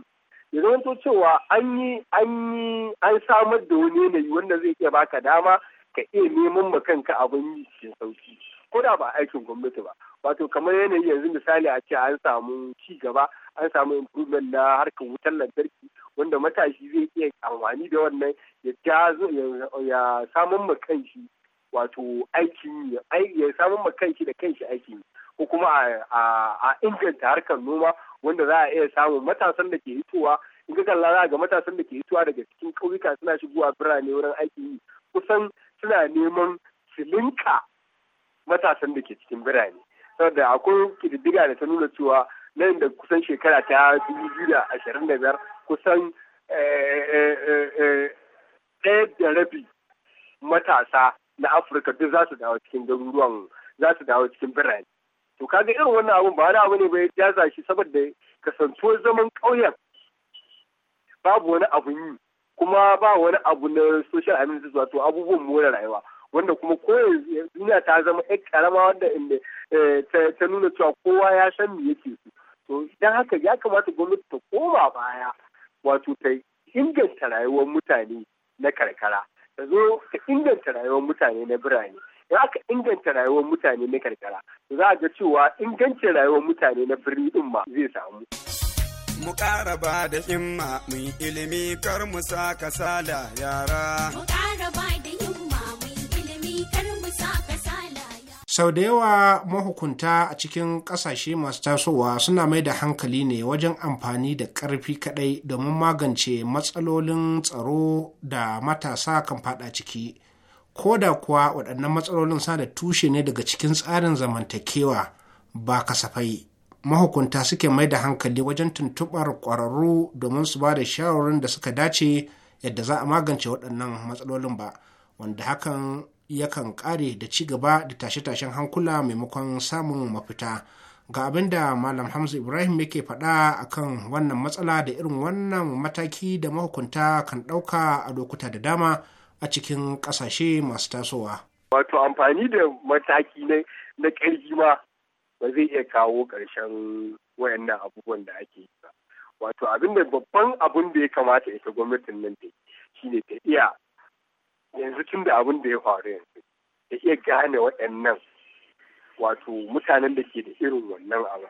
ya zamanto cewa an yi an yi an samar da wani yanayi wanda zai iya baka dama ka iya neman ma kanka abin yi cikin sauki ko da ba aikin gwamnati ba wato kamar yanayi yanzu misali a ce an samu ci gaba an samu improvement na harkar wutar lantarki wanda matashi zai iya amfani da wannan ya ya samun ma kanshi wato aikin ya samun ma kanshi da kanshi aikin ko kuma a inganta harkar noma wanda za a iya samun matasan da ke hitowa in ka kalla za ga matasan da ke hitowa daga cikin ƙauyuka suna shigowa birane wurin aiki yi kusan suna neman silinka matasan da ke cikin birane saboda akwai kididdiga da ta nuna cewa nan da kusan shekara ta dubu biyu da ashirin da biyar kusan eh, eh, eh, ɗaya da rabi matasa na afirka duk za su dawo cikin garuruwan za su dawo cikin birane to kaga irin wannan abun ba wani abu ne bai jaza shi saboda kasantuwar zaman ƙauyen babu wani abun yi kuma ba wani abu na social amenities wato abubuwan more rayuwa wanda kuma ko duniya ta zama ƴan karama wanda inda eh, ta nuna cewa kowa ya san me yake so to idan haka ya kamata gwamnati ta koma baya wato ta inganta rayuwar mutane na karkara ta zo ta inganta rayuwar mutane na birane Za ka inganta rayuwar mutane na karkara za a ga cewa ingancin rayuwar mutane na birni din ma zai samu. Mu ƙara ba da himma mu yi ilimi kar mu sa kasala yara. Mu ƙara ba da himma mu ilimi kar mu sa kasala Sau da yawa mahukunta a cikin ƙasashe masu tasowa suna mai da hankali ne wajen amfani da ƙarfi kaɗai domin magance matsalolin tsaro da matasa kan faɗa ciki. ko da kuwa waɗannan matsalolin sa da tushe ne daga cikin tsarin zamantakewa ba kasafai mahukunta suke mai da hankali wajen tuntuɓar ƙwararru domin su ba da shawarin da suka dace yadda za a magance waɗannan matsalolin ba wanda hakan yakan ƙare da ci gaba da tashe-tashen hankula maimakon samun mafita ga abin da malam hamza ibrahim yake faɗa akan wannan matsala da irin wannan mataki da mahukunta kan ɗauka a lokuta da dama a cikin ƙasashe masu tasowa. Wato amfani da mataki na ƙarfi ma ba zai iya kawo ƙarshen wayannan abubuwan da ake yi ba. Wato abin da babban abin da ya kamata ita gwamnatin nan da shi ne ta iya yanzu tun da abin da ya faru yanzu ta iya gane waɗannan wato mutanen da ke da irin wannan abu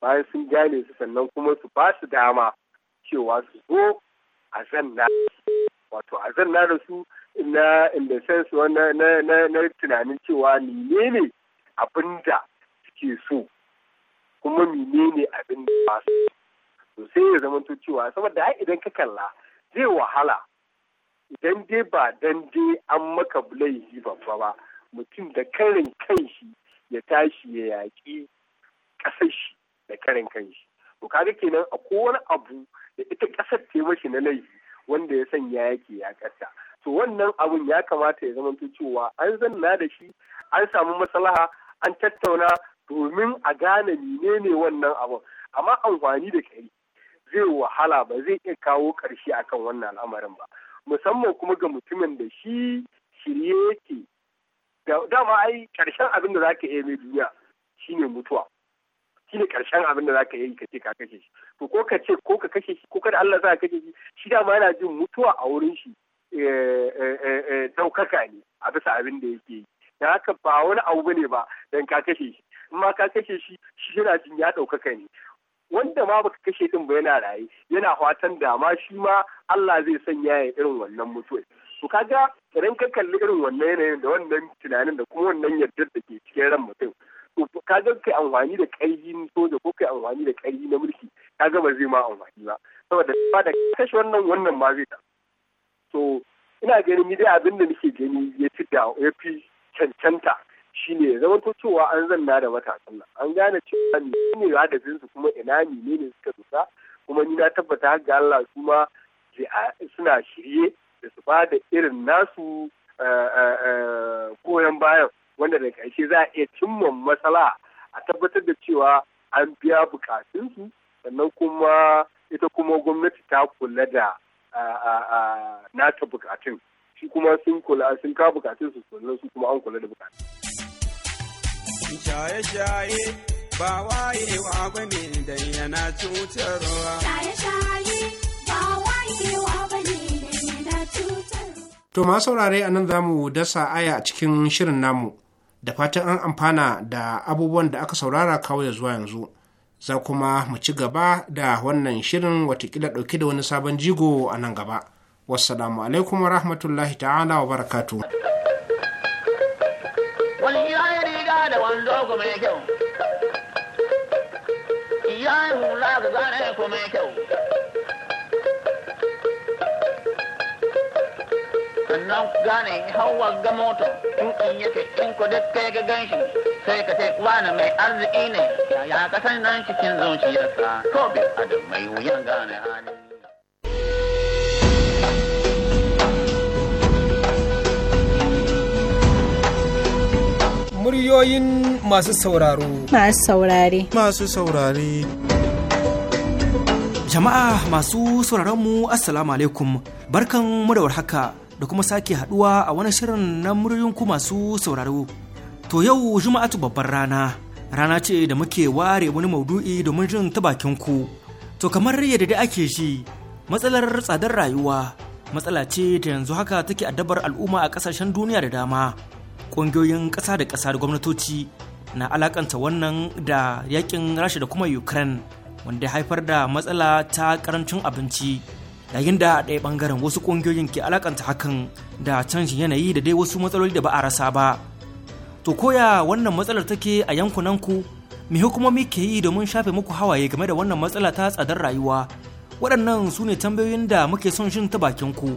bayan sun gane su sannan kuma su ba su dama cewa su zo a zanna wato a zanna da su na in the sense na na tunanin cewa ne abin da suke so kuma ne abin da ba su to sai ya zama to cewa saboda ai idan ka kalla zai wahala idan dai ba dan dai an maka laifi babba ba mutum da karin kanshi ya tashi ya yaƙi ƙasar shi da karin kanshi to kaga kenan a kowane abu da ita ƙasar ce mashi na laifi wanda ya sanya yake ya ƙasa to wannan abun ya kamata ya zama cewa an zanna da shi an samu maslaha an tattauna domin a gane menene wannan abun amma amfani da kai zai wahala ba zai iya kawo ƙarshe akan wannan al'amarin ba musamman kuma ga mutumin da shi shirye yake dama ai ƙarshen abin da zaka iya mai duniya shine mutuwa shine ƙarshen abin da zaka yi kace ka kashe shi to ko ka ce ko ka kashe shi ko kada Allah za ka kashe shi shi dama yana jin mutuwa a wurin shi Eh, eh, eh, ɗaukaka ne a bisa abin da yake yi da haka ba wani abu ne ba dan ka kashe shi in ma ka kashe shi shi yana jin ya ɗaukaka ne wanda ma baka kashe din ba yana raye yana fatan da ma shi ma Allah zai sanya ya irin wannan mutuwa to kaga idan ka kalli irin wannan yanayin da wannan tunanin da kuma wannan yardar da ke cikin ran mutum to kaga kai amfani da ƙarfi soja ko kai amfani da ƙarfi na mulki kaga ba zai ma amfani ba saboda ba da kashe wannan wannan ma zai so ina ganin ni dai abin da nake gani ya fi da ya fi cancanta shine zaman to cewa an zanna da matasan nan an gane cewa ne ne hadafin su kuma ina ne ne suka zuka kuma ni na tabbata har ga Allah su ma suna shirye da su bada irin nasu koyon eh, eh, eh, bayan wanda da ƙarshe za a iya cimma matsala a tabbatar da cewa an biya bukatunsu sannan kuma ita kuma gwamnati ta kula da nata bukatun shi kuma sun kula sun ka bukatun su sannan su kuma an kula da bukatun. Shaye-shaye ba wayewa ba ne da yana cutarwa. Shaye-shaye ba wayewa ba ne da yana cutarwa. To ma saurare a nan za mu dasa aya a cikin shirin namu da fatan an amfana da abubuwan da aka saurara kawai zuwa yanzu. za kuma mu ci gaba da wannan shirin watakila ɗauke da wani sabon jigo a nan gaba wassalamu alaikum wa rahmatullahi ta'ala wa barakatu wani ya riga da wando kuma hula ga zane kuma mai kyau nan gane hawa ga moto in yake in ko da kai ga ganshi sai ka ce wani mai arziki ne ya ka san nan cikin zuciyarsa ko bi adam mai wuyan gane hali Muryoyin masu sauraro. Masu saurare. Masu saurare. Jama'a masu sauraron mu Assalamu alaikum. Barkan mu da warhaka. da kuma sake haduwa a wani shirin na muryoyin ku masu sauraro. To yau Juma'atu babbar rana, rana ce da muke ware wani maudu'i domin jin ta bakin ku. To kamar yadda ake shi, matsalar tsadar rayuwa matsala ce da yanzu haka take addabar al'umma a kasashen duniya da dama. Ƙungiyoyin ƙasa da ƙasa da gwamnatoci na alakanta wannan da yakin rashi da kuma Ukraine wanda haifar da matsala ta ƙarancin abinci. yayin da ɗaya ɓangaren wasu ƙungiyoyin ke alakanta hakan da canjin yanayi da dai wasu matsaloli da ba a rasa ba to koya wannan matsalar take a yankunan ku me hukumomi ke yi domin shafe muku hawaye game da wannan matsala ta tsadar rayuwa waɗannan su ne tambayoyin da muke son shin ta bakin ku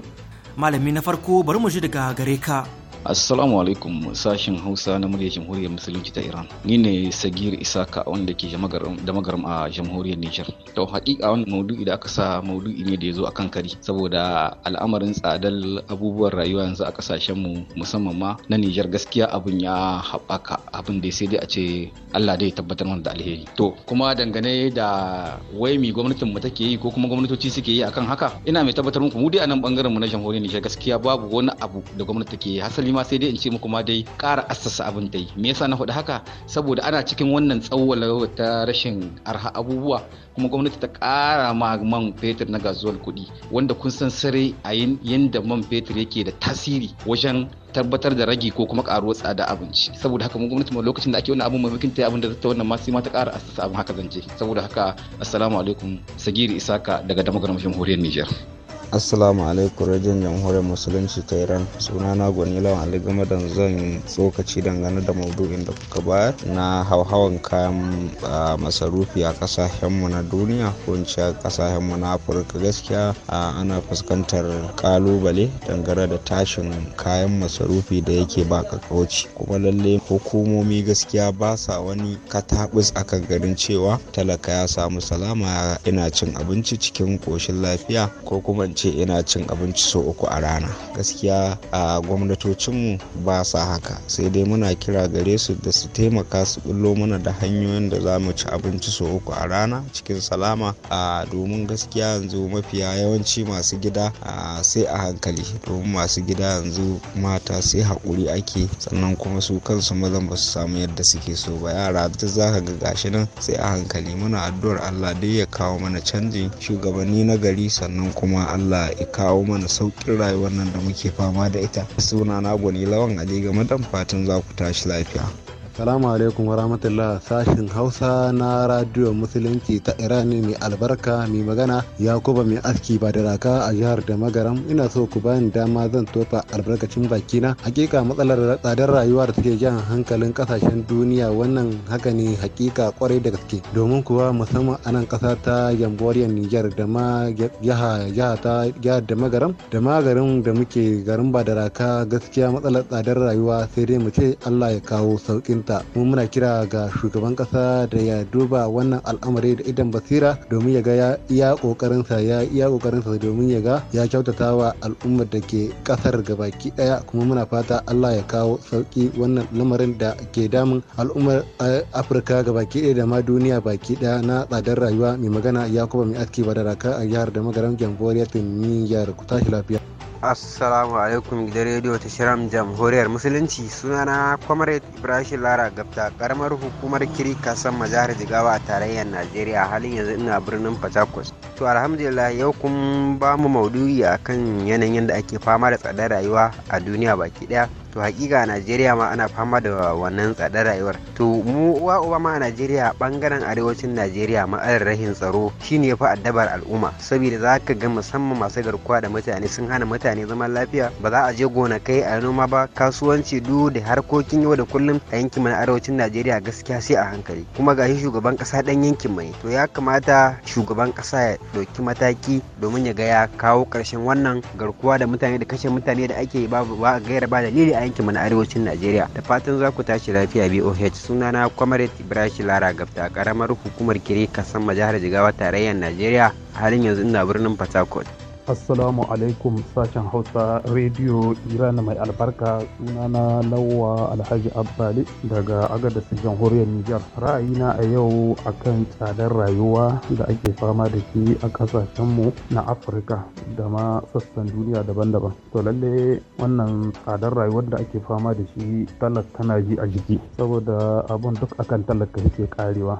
malami na farko bari mu ji daga gare ka Assalamu alaikum sashen Hausa na muryar Jamhuriyar Musulunci ta Iran. Ni ne Sagir Isaka wanda ke da magaram a Jamhuriyar Nijar. To hakika wannan maudu'i da aka sa maudu'i ne da ya zo akan kari saboda al'amarin tsadar abubuwan rayuwa yanzu a kasashen mu musamman ma na Nijar gaskiya abin ya haɓaka abin da sai dai a ce Allah dai tabbatar mana da alheri. To kuma dangane da wai mi gwamnatin mu take yi ko kuma gwamnatoci suke yi akan haka ina mai tabbatar muku mu dai a nan bangaren mu na Jamhuriyar Nijar gaskiya babu wani abu da gwamnati take yi ni ma sai dai in ce muku ma dai ƙara assasa abin dai me yasa na faɗi haka saboda ana cikin wannan tsawwala ta rashin arha abubuwa kuma gwamnati ta ƙara ma man fetur na gazuwar kuɗi wanda kun san sare a yanda man fetur yake da tasiri wajen tabbatar da ragi ko kuma ƙaruwar tsada abinci saboda haka mun gwamnati mu lokacin da ake wannan abun maimakon ta abin da ta wannan ma sai ma ta ƙara assasa abin haka zance saboda haka assalamu alaikum sagiri isaka daga damagaram jamhuriyar Nijar. Assalamu alaikum rajin jamhuriyar musulunci ta Iran Suna na gwani lawan Ali da zan tsokaci dangane da maudu'in da kuka bayar na hauhawan kayan masarufi a kasashenmu na duniya ko in ce kasashenmu na Afirka gaskiya ana fuskantar kalubale dangane da tashin kayan masarufi da yake ba kakauci kuma lalle hukumomi gaskiya ba sa wani katabus akan garin cewa talaka ya samu salama ina cin abinci cikin koshin lafiya ko kuma ce ina cin abinci sau uku a rana gaskiya a gwamnatocinmu ba sa haka sai dai muna kira gare su da su taimaka su bullo mana da hanyoyin da za mu ci abinci sau uku a rana cikin salama a domin gaskiya yanzu mafiya yawanci masu gida a sai a hankali domin masu gida yanzu mata sai haƙuri ake sannan kuma su kansu mazan ba su samu yadda suke so ba yara duk za ka ga gashi nan sai a hankali muna addu'ar allah dai ya kawo mana canji shugabanni na gari sannan kuma allah Allah ya kawo mana sauƙin rayuwar nan da muke fama da ita. Suna na gwani lawan Ali game da fatan za ku tashi lafiya. Salamu alaikum wa rahmatullah sashin Hausa na radio Musulunci ta Iran mai albarka mai magana Yakuba mai aski ba da raka a jihar da magaram ina so ku bayan dama zan tofa albarkacin bakina hakika matsalar tsadar rayuwa da take jan hankalin kasashen duniya wannan haka ne hakika kwarai da gaske domin kuwa musamman a nan kasa ta jamhuriyar Niger da ma jiha ta jihar da magaram da magarin da muke garin ba da raka gaskiya matsalar tsadar rayuwa sai dai mu ce Allah ya kawo saukin ta mu muna kira ga shugaban kasa da ya duba wannan al'amari da idan basira domin ya ga ya iya kokarin sa ya iya kokarin sa domin ya ga ya kyautata wa al'ummar da ke kasar gabaki daya kuma muna fata Allah ya kawo sauki wannan lamarin da ke damun al'ummar eh, Afirka gabaki daya da ma duniya baki daya na tsadar rayuwa mai magana Yakuba mai aski badaraka a jihar da magaran Jamhuriyar Niger ku tashi lafiya assalamu alaikum gidan rediyo ta shiram jamhuriyar musulunci suna na comrade ibrahim lara gabta karamar hukumar kiri kasan majahar jigawa a tarayyar najeriya halin yanzu ina birnin port to alhamdulillah yau kun ba mu maudu'i akan yanayin da ake fama da tsadar rayuwa a duniya baki daya to hakika a najeriya ma ana fama da wannan tsadar rayuwar to mu uwa uba ma a najeriya bangaren arewacin najeriya ma'anar rahin tsaro shine fi addabar al'umma saboda za ka ga musamman masu garkuwa da mutane sun hana mutane zaman lafiya ba za a je gonakai a noma ba kasuwanci du da harkokin yau da kullum a yankin mai arewacin najeriya gaskiya sai a hankali kuma shi shugaban kasa dan yankin mai to ya kamata shugaban kasa ya dauki mataki domin ya ga ya kawo karshen wannan garkuwa da mutane da kashe mutane da ake ba gaira ba dalili a na arewacin Najeriya. Da fatan za ku tashi lafiya BOH sunana Comrade Ibrahim Lara Gafta karamar hukumar Kire Kasan Jihar Jigawa tarayyar Najeriya. A halin yanzu ina birnin Port Harcourt. Assalamu alaikum sashen Hausa Radio Iran mai albarka sunana Lawa Alhaji Abbali daga Agadar Jamhuriyar Nijar. Ra'ayina a yau akan tsadar rayuwa da ake fama da shi a kasashenmu na Afirka da ma sassan duniya daban-daban. To lalle wannan tsadar rayuwar da ake fama da shi talaka tana ji a jiki saboda abun duk akan talaka yake karewa.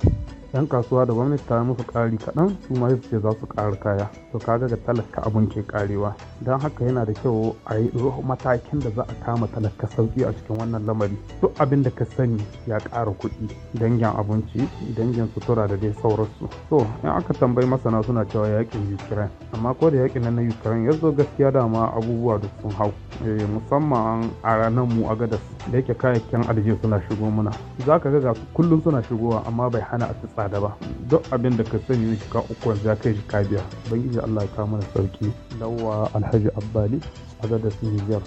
'yan kasuwa da gwamnati ta musu ƙari kaɗan su ma ce za su ƙara kaya to kaga ga talaka abun ke ƙarewa don haka yana da kyau a yi matakin da za a kama talaka sauki a cikin wannan lamari duk abin da ka sani ya ƙara kuɗi dangin abinci dangin sutura da dai sauransu to in aka tambayi masana suna cewa yakin ukraine amma ko da yakin na ukraine ya zo gaskiya dama abubuwa da sun hau eh, musamman a ranar mu a gadas da yake kayayyakin aljihu suna shigo muna za ka ga kullum suna shigowa amma bai hana a tsada ba duk abin da ka sani na shika uku yanzu ya kai shika biyar ubangiji allah ya kawo mana sauki lawa alhaji abbali a gadar nijar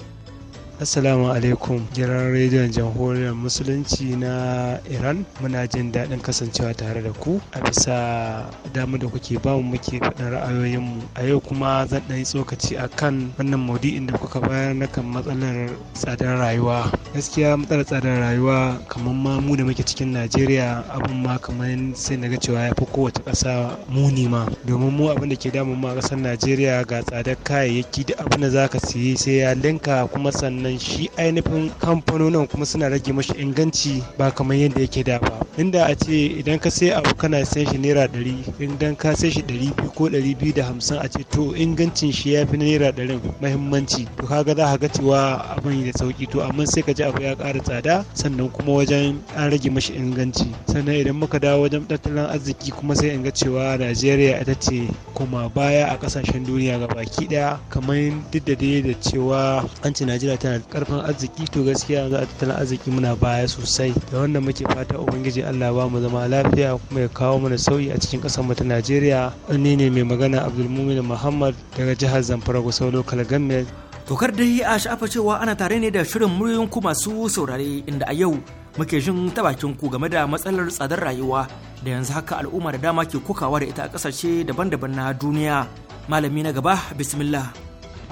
Assalamu alaikum giran rediyon jamhuriyar musulunci na Iran muna jin daɗin kasancewa tare da ku a bisa damu da kuke ba mu muke faɗin ra'ayoyinmu a yau kuma zan ɗan yi tsokaci a kan wannan maudu'in da kuka bayar na kan matsalar tsadar rayuwa gaskiya matsalar tsadar rayuwa kamar ma mu da muke cikin Najeriya abun ma kamar sai na ga cewa ya fi kowace ƙasa muni ma domin mu abin da ke damun mu a ƙasar Najeriya ga tsadar kayayyaki da abin da za ka siye sai ya linka kuma sannan sannan shi ainihin kamfanonin kuma suna rage mashi inganci ba kamar yadda yake da ba inda a ce idan ka sai abu kana sayan shi naira ɗari idan ka sai shi ɗari biyu ko ɗari biyu da hamsin a ce to ingancin shi ya fi naira ɗarin mahimmanci to kaga za ka ga cewa abin da sauki to amma sai ka ji abu ya ƙara tsada sannan kuma wajen an rage mashi inganci sannan idan muka dawo wajen tattalin arziki kuma sai in ga cewa najeriya ita ce kuma baya a ƙasashen duniya ga baki ɗaya kamar duk da dai da cewa an ce najeriya tana karfin arziki to gaskiya yanzu a tattalin arziki muna baya sosai da wanda muke fata ubangiji Allah ba mu zama lafiya kuma ya kawo mana sauyi a cikin kasar mu ta Najeriya ni ne mai magana Abdulmumin Muhammad daga jihar Zamfara Gusau Local Government Tokar dai a sha'afa cewa ana tare ne da shirin muryoyin ku masu saurare inda a yau muke jin ta bakin ku game da matsalar tsadar rayuwa da yanzu haka al'umma da dama ke kokawa da ita a kasashe daban-daban na duniya. Malami na gaba, bismillah.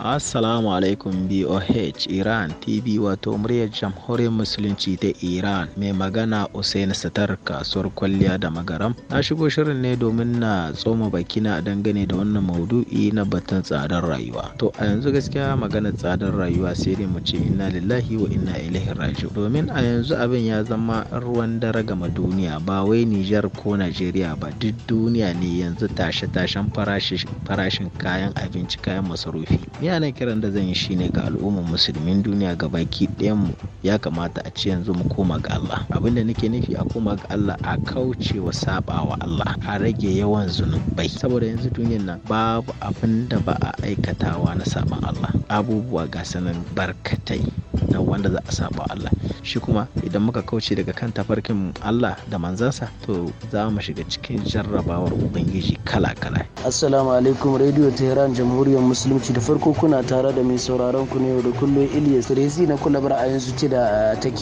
Assalamu alaikum BOH Iran TV wato muryar jamhuriyar musulunci ta Iran mai magana Usaini Satar kasuwar kwalliya da magaram. Na shigo shirin ne domin na tsoma na dangane da wannan maudu'i na batun tsadar rayuwa. To a yanzu gaskiya maganar tsadar rayuwa sai dai mu ce inna lillahi wa inna ilaihi raji'un. Domin a yanzu abin ya zama ruwan dare gama duniya ba wai Nijar ko Najeriya ba duk duniya ne yanzu tashe-tashen farashin kayan abinci kayan masarufi. yana kiran da zan yi shi ne ga al'ummar musulmin duniya ga baki mu ya kamata a ce yanzu mu koma ga Allah abinda nake nufi a koma ga Allah a kauce wa sabawa Allah a rage yawan zunubai saboda yanzu duniyar nan babu abin da ba a aikatawa na saban Allah abubuwa ga sanan barkatai na wanda za a saba Allah shi kuma idan muka kauce daga kan tafarkin Allah da manzansa to za mu shiga cikin jarrabawar ubangiji kala kala assalamu alaikum radio tehran jamhuriyar musulunci da farko kuna tare da mai sauraron ku ne da kullum Ilyas Resi na kulabar ra'ayin su ce da take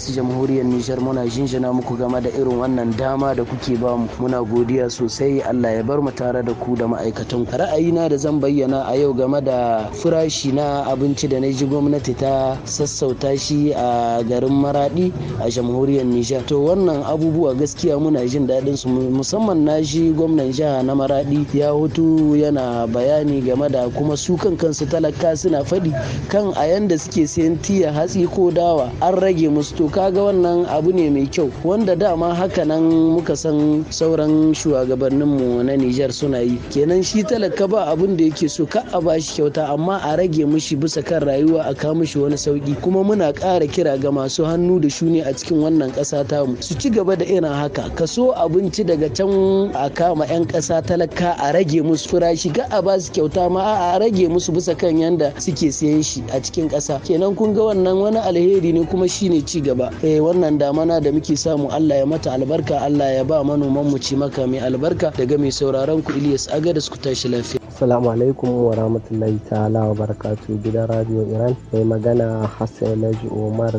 su jamhuriyar Nijar muna jinjina muku game da irin wannan dama da kuke ba mu muna godiya sosai Allah ya bar mu tare da ku da ma'aikatan ku na da zan bayyana a yau game da furashi na abinci da na ji gwamnati ta sassauta shi a garin Maradi a jamhuriyar Nijar to wannan abubuwa gaskiya muna jin daɗin su musamman na shi gwamnan jiha na Maradi ya hutu yana bayani game da kuma su sun kansu talaka suna faɗi kan a yanda suke sayan tiya hatsi ko dawa an rage musu to kaga wannan abu ne mai kyau wanda dama haka nan muka san sauran shugabanninmu na Nijar suna yi kenan shi talaka ba abun da yake so ka a bashi kyauta amma a rage mishi bisa kan rayuwa a kawo mishi wani sauki kuma muna ƙara kira ga masu hannu da shuni a cikin wannan ƙasa tamu su ci gaba da irin haka kaso abinci daga can a kama 'yan ƙasa talaka a rage musu farashi ga a ba su kyauta ma a rage musu su bisa kan yanda suke siyan shi a cikin ƙasa kenan kun ga wannan wani alheri ne kuma shine ci gaba eh wannan damana da muke samu Allah ya mata albarka Allah ya ba manoman mu ci maka mai albarka daga mai sauraron ku Ilyas da ku tashi lafiya Assalamu alaikum wa rahmatullahi ta'ala wa barakatuh gidan Radio Iran mai magana Hassan Laji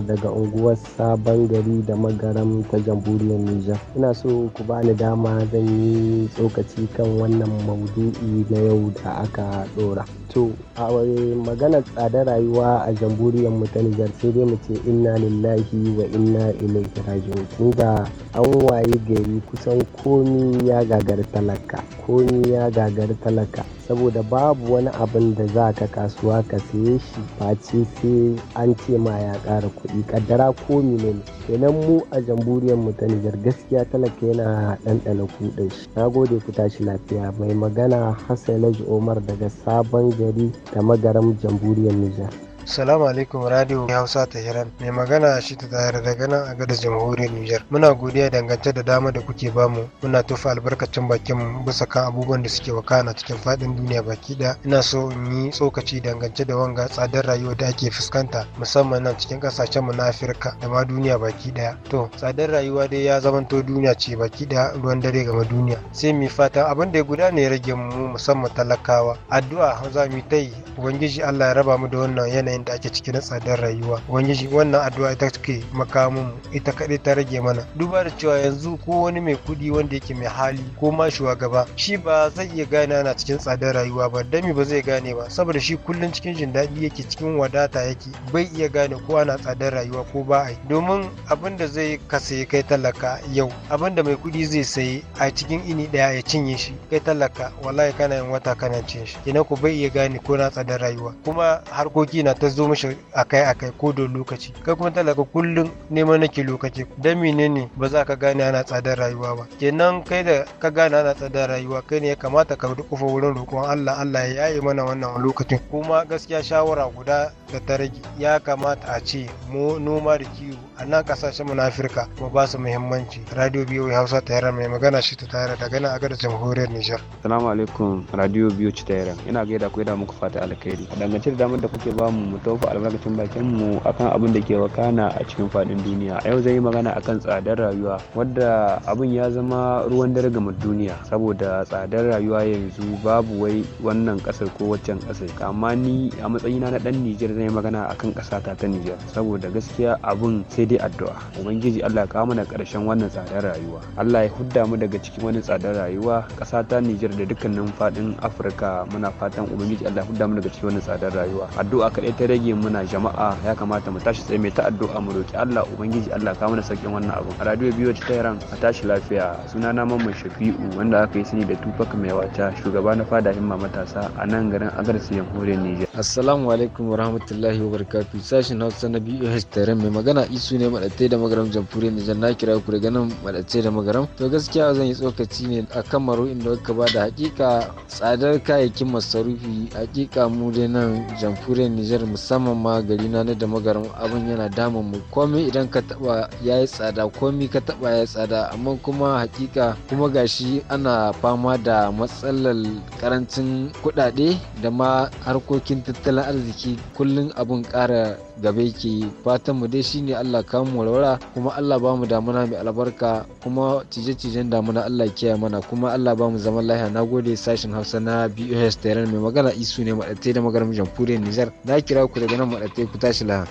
daga unguwar Sabon Gari da Magaram ta Jamhuriyar Nijar ina so ku bani dama zan yi tsokaci kan wannan maudu'i na yau da aka dora to A a maganar tsada rayuwa a jamhuriyar mu ta Nijar sai dai mu ce inna lillahi wa inna ilaihi raji'un da an waye gari kusan komi ya gagari talaka komi ya gagari talaka saboda babu wani abin da za ka kasuwa ka saye shi face sai an ce ma ya ƙara kuɗi kaddara ko ne kenan mu a jamhuriyar mu ta Nijar gaskiya talaka yana ɗanɗana kuɗin shi na gode ku tashi lafiya mai magana Hassan Laji Omar daga sabon gari da magaram jamhuriyar Nijar. Salamu alaikum radio Hausa ta Tehran mai magana shi ta tare daga nan a gadar jamhuriyar Nijar. Muna godiya dangance da dama da kuke bamu muna tufa albarkacin bakin mu bisa kan abubuwan da suke wakana cikin fadin duniya baki da ina so in yi tsokaci dangance da wanga tsadar rayuwa da ake fuskanta musamman nan cikin kasashen mu na Afirka da ma duniya baki daya. To tsadar rayuwa dai ya zamanto duniya ce baki daya ruwan dare game duniya. Sai mu fata abin da ya guda ne ya rage mu musamman talakawa. Addu'a za mu yi ta yi Ubangiji Allah ya raba mu da wannan yanayi yanayin da ake ciki na tsadar rayuwa ubangiji wannan addu'a ita take makamin ita kaɗai ta rage mana duba da cewa yanzu ko wani mai kuɗi wanda yake mai hali ko ma shugaba shi ba zai iya gane ana cikin tsadar rayuwa ba dami ba zai gane ba saboda shi kullum cikin jin daɗi yake cikin wadata yake bai iya gane ko ana tsadar rayuwa ko ba a domin abin da zai ka sayi kai talaka yau abin da mai kuɗi zai sayi a cikin ini daya ya cinye shi kai talaka wallahi kana yin wata kana cin shi Ina ku bai iya gane ko na tsadar rayuwa kuma harkoki na ta zo mishi akai akai ko da lokaci kai kuma talaka kullum neman nake lokaci dan menene ba za ka gane ana tsadar rayuwa ba kenan kai da ka gane ana tsadar rayuwa kai ne ya kamata ka rukufa wurin roƙon Allah Allah ya yi mana wannan lokacin kuma gaskiya shawara guda da ta rage ya kamata a ce mu noma da kiwo a nan kasashen mu na Afirka mu ba su muhimmanci radio biyu Hausa ta yara mai magana shi ta tare daga nan agar jamhuriyar Nijar Assalamu alaikum radio biyu ta yara ina gaida ku da muku fata alkhairi dangance da damar da kuke ba mu mu tofa albarkacin bakin mu akan abin da ke wakana a cikin fadin duniya yau zai yi magana akan tsadar rayuwa wadda abin ya zama ruwan dare ga duniya saboda tsadar rayuwa yanzu babu wai wannan kasar ko waccan kasar amma ni a matsayina na dan Nijar zan yi magana akan ƙasata ta Nijar saboda gaskiya abin sai dai addu'a ubangiji Allah ka mana karshen wannan tsadar rayuwa Allah ya hudda mu daga cikin wani tsadar rayuwa ƙasata Nijar da dukkanin fadin Afirka muna fatan ubangiji Allah ya hudda mu daga cikin wani tsadar rayuwa addu'a kaɗai ta ta rage muna jama'a ya kamata mu tashi tsaye mai ta addu'a mu roki Allah ubangiji Allah ka mana sauƙin wannan abu a radio biyu ta Tehran a tashi lafiya suna na Mamman Shafi'u wanda aka yi sani da Tupac mai wata shugaba na fada himma matasa a nan garin Agadez jamhuriyar nijar. Assalamu alaikum warahmatullahi wabarakatuh sashin Hausa na BOH Tehran mai magana isu ne madatai da magaram jamhuriyar Niger na kira ku daga nan madatai da magaram to gaskiya zan yi tsokaci ne akan maro da ka ba da hakika tsadar kayayyakin masarufi hakika mu dai nan jamhuriyar Niger musamman ma gari na da magaran abin yana damun mu komai idan ka taba ya yi tsada komai ka taba ya yi tsada amma kuma hakika kuma gashi ana fama da matsalar karancin kuɗaɗe da ma harkokin tattalin arziki kullum abin kara gaba yake yi fatan mu dai shine Allah ka mu warwara kuma Allah ba mu damuna mai albarka kuma cije-cijen damuna Allah kiyaye mana kuma Allah ba mu zaman lafiya nagode sashin Hausa na BOS Tehran mai magana isu ne madatte da magaram jamhuriyar Nijar na kira ku daga nan madatte ku tashi lahan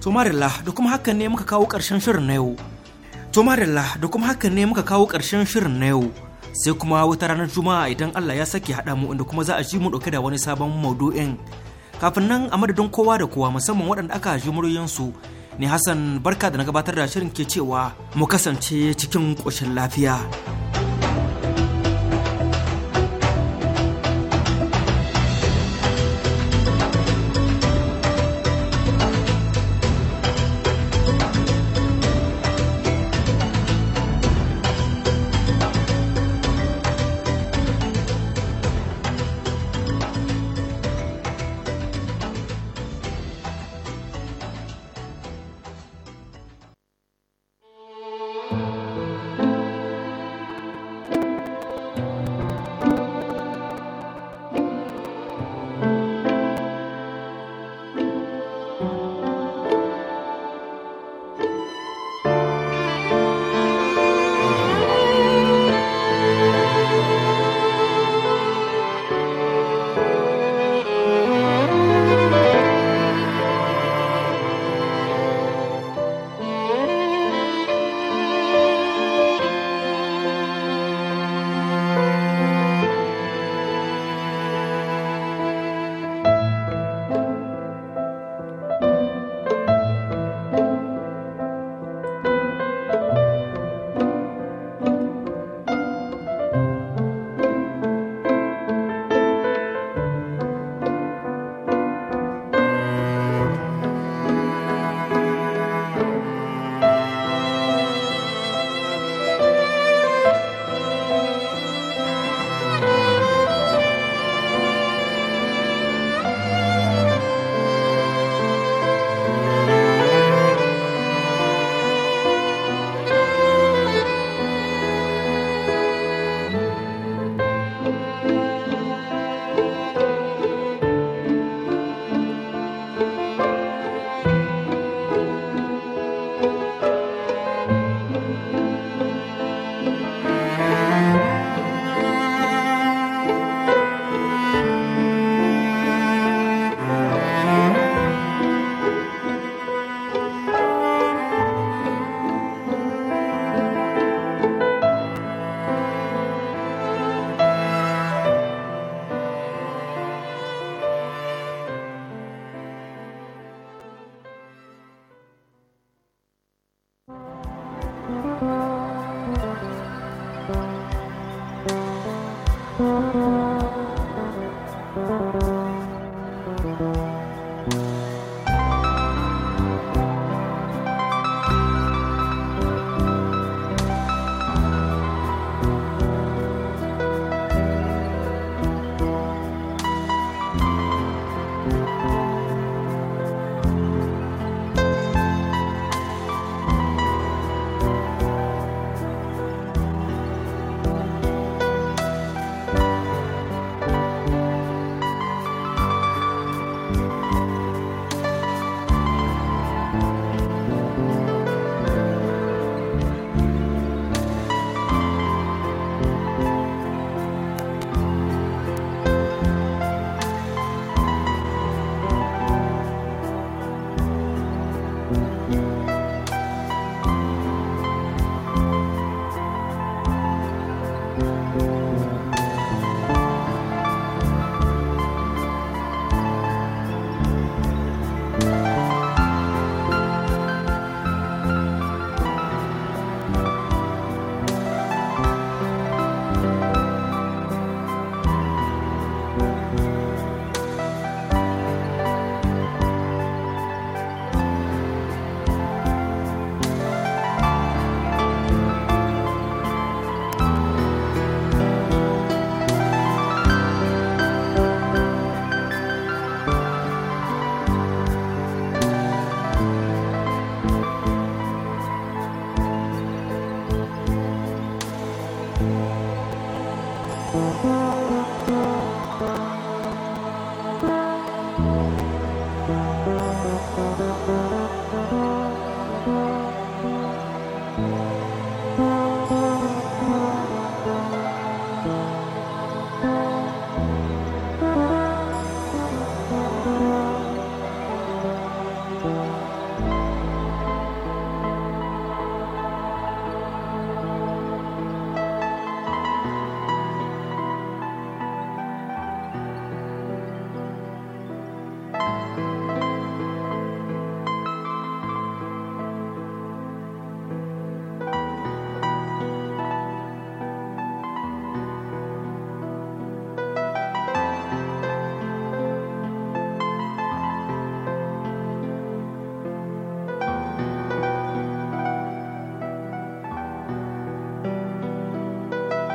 to marilla da kuma hakan ne muka kawo karshen shirin na yau to marilla da kuma hakan ne muka kawo karshen shirin na yau sai kuma wata ranar juma'a idan Allah ya saki haɗa mu inda kuma za a ji mu ɗauke da wani sabon maudu'in kafin nan a madadin kowa da kowa musamman waɗanda aka ji muryoyinsu ne hassan barka da na gabatar da shirin ke cewa mu kasance cikin ƙoshin lafiya.